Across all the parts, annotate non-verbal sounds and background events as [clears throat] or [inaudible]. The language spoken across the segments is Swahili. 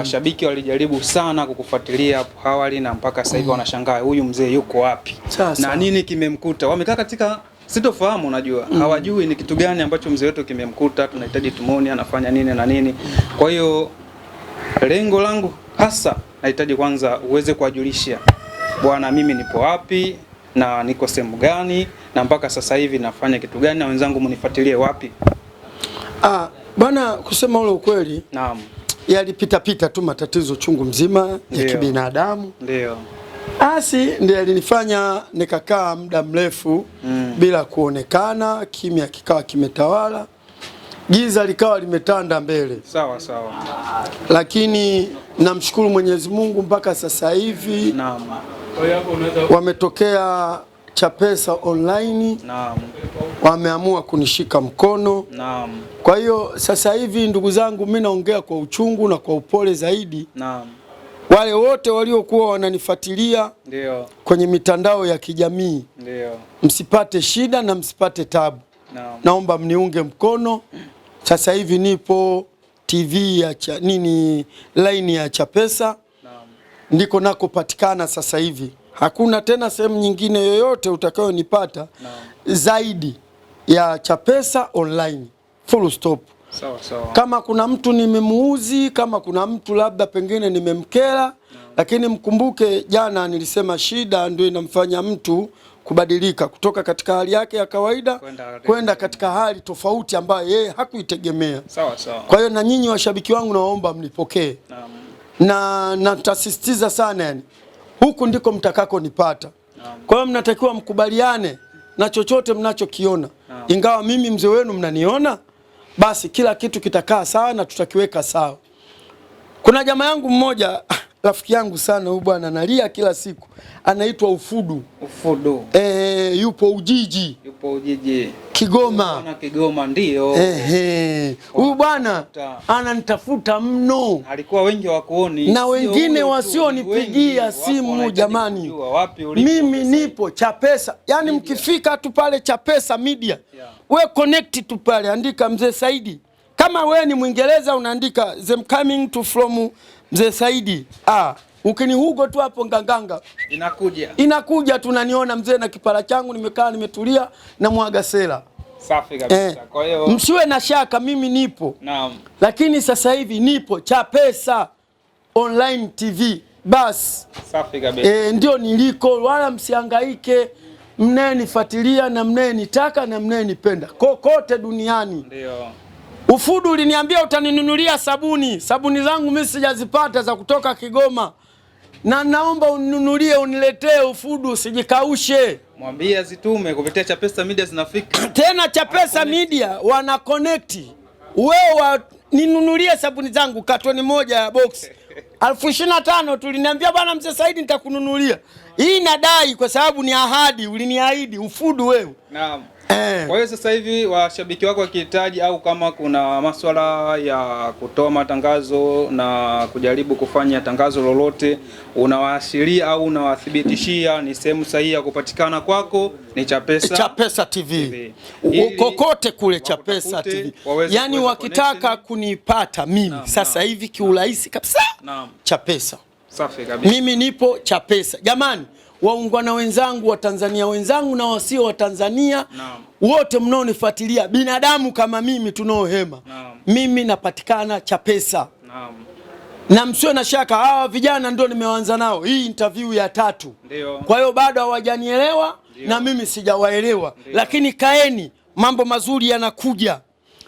mashabiki walijaribu sana kukufuatilia hapo awali na mpaka sasa hivi mm. wanashangaa huyu mzee yuko wapi Sasa. na nini kimemkuta. Wamekaa katika sitofahamu, unajua mm. hawajui ni kitu gani ambacho mzee wetu kimemkuta, tunahitaji tumoni anafanya nini na nini. Kwa hiyo lengo langu hasa, nahitaji kwanza uweze kuwajulisha bwana, mimi nipo wapi na niko sehemu gani na mpaka sasa hivi nafanya kitu gani na wenzangu mnifuatilie wapi. Ah, bana kusema ule ukweli. Naam yalipitapita tu matatizo chungu mzima ya kibinadamu, ndio asi ndiye alinifanya nikakaa muda mrefu mm. bila kuonekana, kimya kikawa kimetawala, giza likawa limetanda mbele. Sawa sawa, lakini namshukuru Mwenyezi Mungu mpaka sasa hivi naam, wametokea Chapesa online naam, wameamua kunishika mkono naam. Kwa hiyo sasa hivi ndugu zangu, mimi naongea kwa uchungu na kwa upole zaidi naam. Wale wote waliokuwa wananifuatilia ndio kwenye mitandao ya kijamii ndio, msipate shida na msipate tabu naam. Naomba mniunge mkono. Sasa hivi nipo TV ya cha, nini line ya Chapesa naam, ndiko nakopatikana sasa hivi Hakuna tena sehemu nyingine yoyote utakayonipata no. zaidi ya Chapesa online full stop. So, so. Kama kuna mtu nimemuuzi, kama kuna mtu labda pengine nimemkera no. Lakini mkumbuke jana nilisema shida ndio inamfanya mtu kubadilika kutoka katika hali yake ya kawaida kwenda katika hali tofauti ambayo yeye hakuitegemea. Sawa sawa. Kwa hiyo na nyinyi washabiki wangu nawaomba mnipokee. Naam. Na natasisitiza sana yani huku ndiko mtakakonipata. Kwa hiyo mnatakiwa mkubaliane na chochote mnachokiona, ingawa mimi mzee wenu mnaniona, basi kila kitu kitakaa sawa na tutakiweka sawa. Kuna jamaa yangu mmoja [laughs] rafiki yangu sana huyu bwana analia kila siku, anaitwa Ufudu, Ufudu. E, yupo Ujiji Yupo jiji Kigoma na Kigoma ndio. Ehe, huyu bwana ananitafuta mno, alikuwa wengi wakuoni na wengine wasionipigia simu. Jamani, mimi nipo Chapesa, yaani mkifika tu pale Chapesa Media yeah. We connect tu pale, andika Mzee Saidi. Kama we ni Mwingereza unaandika them coming to from Mzee Saidi ah. Ukinihugo tu hapo nganganga inakuja, inakuja tunaniona mzee na kipara changu nimekaa nimetulia na mwaga sela. Safi kabisa. Eh, kwa hiyo msiwe na shaka mimi nipo. Naam. Lakini sasa hivi nipo Chapesa Online TV basi. Safi kabisa. Eh, ndio niliko, wala msihangaike mnayenifuatilia na mnayenitaka na mnayenipenda kokote duniani. Ndio. Ufudu uliniambia utaninunulia sabuni. Sabuni zangu mimi sijazipata za kutoka Kigoma na naomba ununulie uniletee ufudu usijikaushe. Mwambie azitume kupitia Chapesa Media zinafika. [clears throat] Tena Chapesa Media wana connect. Wewe wa, ninunulie sabuni zangu katoni moja ya box [laughs] elfu ishirini na tano tuliniambia bwana mzee Saidi nitakununulia. Hii nadai kwa sababu ni ahadi, uliniahidi ufudu wewe. Naam. Eh. Kwa hiyo sasa hivi washabiki wako wakihitaji au kama kuna masuala ya kutoa matangazo na kujaribu kufanya tangazo lolote, unawaashiria au unawathibitishia ni sehemu sahihi ya kupatikana kwako ni Chapesa, eh, Chapesa TV, TV. Kokote kule Chapesa TV, yaani wakitaka kunipata mimi naam, sasa hivi kiurahisi kabisa naam. Chapesa safi kabisa, mimi nipo Chapesa jamani waungwana wenzangu, watanzania wenzangu na wasio watanzania no. wote mnaonifuatilia, binadamu kama mimi tunaohema no. mimi napatikana Chapesa no. na msio na shaka, hawa vijana ndio nimeanza nao hii interview ya tatu Ndiyo. kwa hiyo bado hawajanielewa na mimi sijawaelewa, lakini kaeni, mambo mazuri yanakuja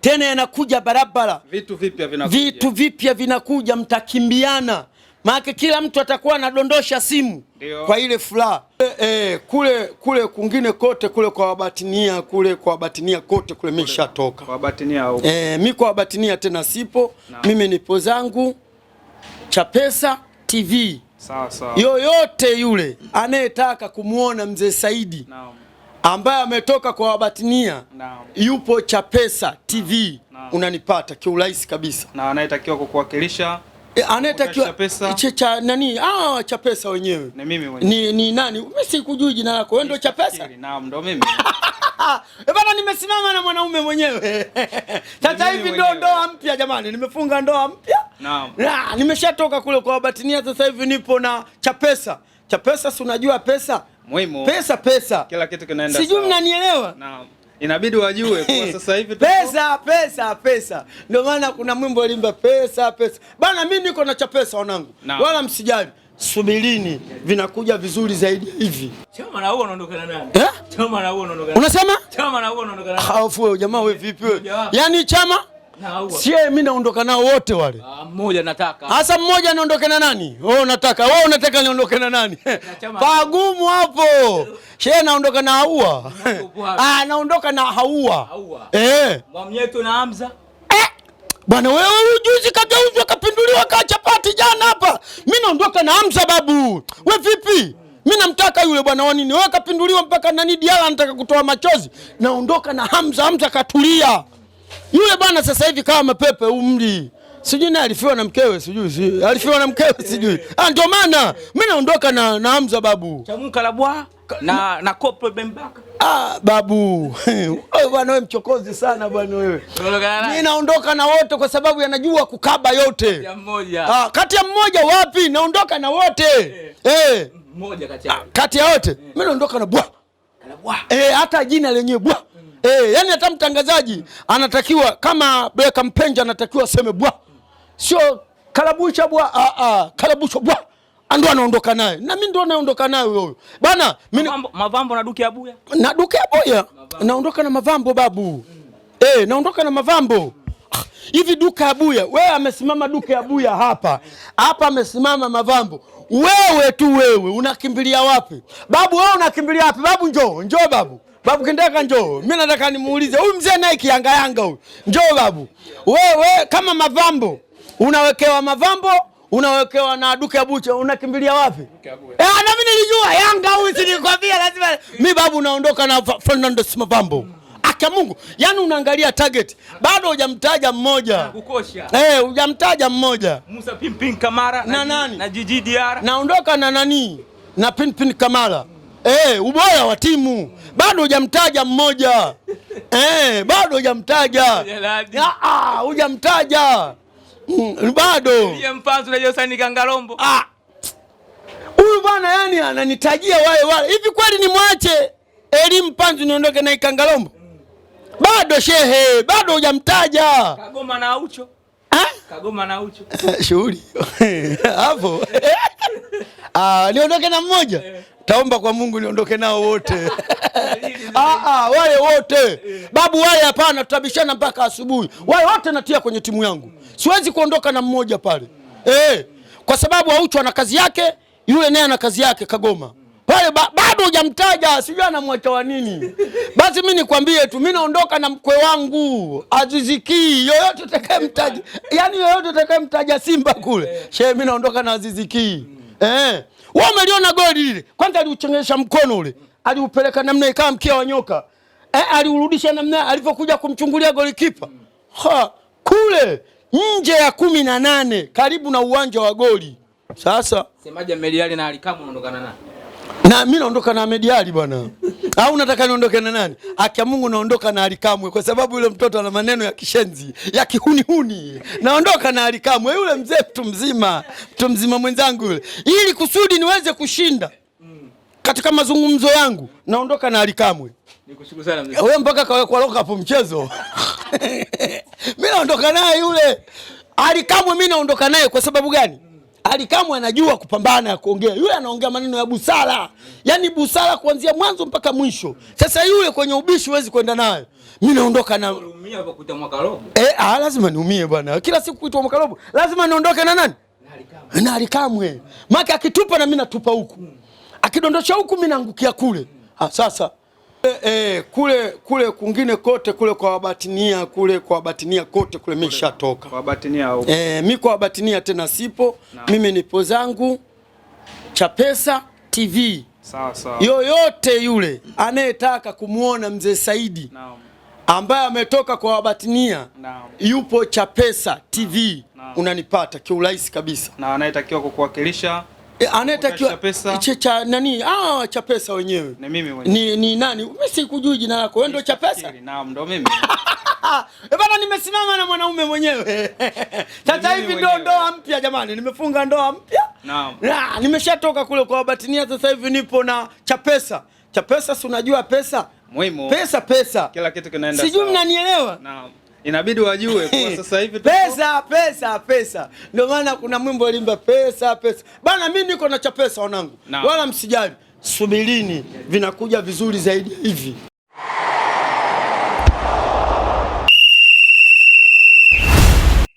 tena yanakuja barabara, vitu vipya vinakuja, vitu vipya vinakuja, mtakimbiana maana kila mtu atakuwa anadondosha simu Dio. kwa ile furaha e, e, kule kule kungine kote kule kwa wabatinia kule kwa wabatinia kote kule mimi nishatoka kwa wabatinia au e, mi kwa wabatinia tena sipo na. mimi nipo zangu Chapesa TV sawa sawa. yoyote yule anayetaka kumwona mzee Saidi ambaye ametoka kwa wabatinia yupo Chapesa TV unanipata kiurahisi kabisa, na anayetakiwa kukuwakilisha Eh, anayetakiwa cha, cha nani? Ah, pesa wenyewe ni, mimi mwenyewe ni, ni nani? Mimi sikujui jina lako wewe, ndio pesa? Naam, ndio mimi [laughs] e bana, nimesimama na mwanaume mwenyewe [laughs] sasa hivi ndo ndoa mpya jamani, nimefunga ndoa mpya naam. Na, nimeshatoka kule kwa Wabatinia, sasa hivi nipo na Chapesa. Chapesa si unajua pesa muhimu, pesa pesa, kila kitu kinaenda sawa, sijui mnanielewa? Naam inabidi wajue kwa [laughs] sasa hivi pesa pesa pesa, ndio maana kuna mwimbo ulimba pesa pesa bana. Mimi niko na cha pesa wanangu, wala msijali, subirini, vinakuja vizuri zaidi hivi. Choma na huo unaondokana nani? Eh, choma na huo unaondokana, unasema choma na huo unaondokana. Hofu wewe jamaa, wewe vipi wewe? Yaani chama sie mi naondoka nao wote wale. Ah, mmoja nataka. Hasa mmoja anaondoka na nani? Wewe unataka. Wewe unataka niondoke na nani? [laughs] Pagumu hapo. She naondoka na haua. [laughs] Ah, naondoka na haua. Haua. Eh. Mwamnyetu na Hamza. Eh. Bwana wewe ujuzi kageuzwa kapinduliwa kachapati chapati jana hapa. Mimi naondoka na Hamza babu. Wewe vipi? Mimi namtaka yule bwana wa nini? Wewe kapinduliwa mpaka nani Diala anataka kutoa machozi. Naondoka na Hamza. Hamza katulia. Yule bwana sasa hivi kama mapepe umri. Sijui naye alifiwa na mkewe sijui si. Alifiwa na mkewe eh. sijui. Ah, ndio maana mimi naondoka na na Hamza babu. Chamuka bwa na na Kopo Bembaka. Ah, babu. [laughs] Wewe bwana wewe mchokozi sana bwana wewe. Mimi naondoka na wote kwa sababu yanajua kukaba yote. Kati ya mmoja. Ah, kati ya mmoja wapi? Naondoka na wote. Eh. eh. Mmoja kati ya. Ah, kati ya wote. Eh. Mimi naondoka na bwa. Na bwa. Eh, hata jina lenyewe bwa. Eh, yani hata mtangazaji anatakiwa kama Beka Mpenja anatakiwa aseme bwa, sio kalabucha bwa. A a kalabucha bwa ndo anaondoka naye, na mimi ndo naondoka naye huyo bana. Mimi mavambo na duki ya buya na duki ya buya naondoka na mavambo babu Eh, naondoka na mavambo ah, hivi duka ya buya. Wewe amesimama duka ya buya hapa hapa, amesimama mavambo. Wewe tu wewe unakimbilia wapi babu? Wewe unakimbilia wapi babu? Njoo njoo babu Babu Kindeka njoo. Mimi nataka nimuulize huyu mzee naye kianga yanga huyu. Njoo babu. Wewe kama mavambo unawekewa mavambo unawekewa na duka ya bucha unakimbilia wapi? Eh, na mimi nilijua Yanga huyu sinikwambia lazima mimi babu naondoka na Fernando Mavambo. Aka Mungu. Yaani unaangalia target. Bado hujamtaja mmoja. Kukosha. Eh, hujamtaja mmoja. Musa Pimpin Kamara na, na nani? Na Jiji Naondoka na nani? Na Pimpin Kamara. Eh, ubora wa timu bado hujamtaja mmoja eh, bado hujamtaja ah, hujamtaja mm, bado ah. huyu bwana, yani ananitajia wale wale. Hivi kweli nimwache elimu Mpanzu niondoke na Ikangalombo? Bado shehe, bado hujamtaja Kagoma na Ucho Kagoma na Ucho [laughs] shughuli [laughs] hapo, [laughs] ah, niondoke na mmoja eh taomba kwa Mungu niondoke nao wote [laughs] ah, ah wale wote babu, wale hapana, tutabishana mpaka asubuhi. Wale wote natia kwenye timu yangu, siwezi kuondoka na mmoja pale eh, kwa sababu auchwa ana kazi yake, yule naye ana kazi yake Kagoma pale ba, bado hujamtaja, sijui anamwacha wa nini. Basi mi nikwambie tu, mi naondoka na mkwe wangu Aziziki, yoyote utakayemtaja, yani yoyote utakayemtaja Simba kule, eh. shehe, mi naondoka na Aziziki eh wewe umeliona goli lile. Kwanza aliuchengesha mkono ule. Aliupeleka namna ikawa mkia wa nyoka. Eh, aliurudisha namna alivyokuja kumchungulia golikipa. Ha, kule nje ya kumi na nane karibu na uwanja wa goli. Sasa semaje Mediali na Alikamu unaondokana na? Na mimi naondoka na Mediali bwana au nataka niondoke na nani? Aki ya Mungu, naondoka na Alikamwe kwa sababu yule mtoto ana maneno ya kishenzi ya kihunihuni. Naondoka na Alikamwe, yule mzee, mtu mzima, mtu mzima mwenzangu yule, ili kusudi niweze kushinda katika mazungumzo yangu. Naondoka na Alikamwe. Nikushukuru sana mzee. Mpaka mpaka kwa loka hapo mchezo. Mimi [laughs] naondoka naye yule Alikamwe, mimi naondoka naye kwa sababu gani? Alikamwe anajua kupambana ya kuongea. Yule anaongea maneno ya busara. yani busara kuanzia mwanzo mpaka mwisho. Sasa yule kwenye ubishi huwezi kwenda nayo. Mimi naondoka na e, ah, lazima niumie bwana. Kila siku kuitwa mwaka robo. Lazima niondoke na nani? Na Alikamwe maki akitupa na mimi natupa huku. Hmm. Akidondosha huku mimi naangukia kule. Ah, sasa E, kule kule kungine kote kule kwa wabatinia kule kwa wabatinia kote kule mimi nishatoka. Kwa wabatinia au? Eh, mimi kwa wabatinia tena sipo. Na. Mimi nipo zangu Chapesa TV. Sawa sawa. Yoyote yule anayetaka kumwona Mzee Saidi ambaye ametoka kwa wabatinia na. Yupo Chapesa TV na. Unanipata kiurahisi kabisa na anayetakiwa kukuwakilisha Eh, anayetakiwa cha nani? Ah, Chapesa wenyewe ni mimi mwenyewe. Ni, ni nani? Mimi sikujui jina lako. Wewe ndio pesa? Naam, ndio mimi. [laughs] Eh, bana nimesimama na mwanaume mwenyewe [laughs] sasa hivi ndo ndoa mpya jamani, nimefunga ndoa mpya. Naam. Na nimeshatoka kule kwa Wabatinia, sasa hivi nipo na Chapesa. Chapesa si unajua pesa muhimu, pesa pesa, kila kitu kinaenda sijui mnanielewa? Naam inabidi wajue kwa [laughs] sasa hivi pesa pesa pesa, ndio maana kuna mwimbo limba pesa pesa bana. Mimi niko na cha pesa wanangu, wala msijali, subirini, vinakuja vizuri zaidi hivi.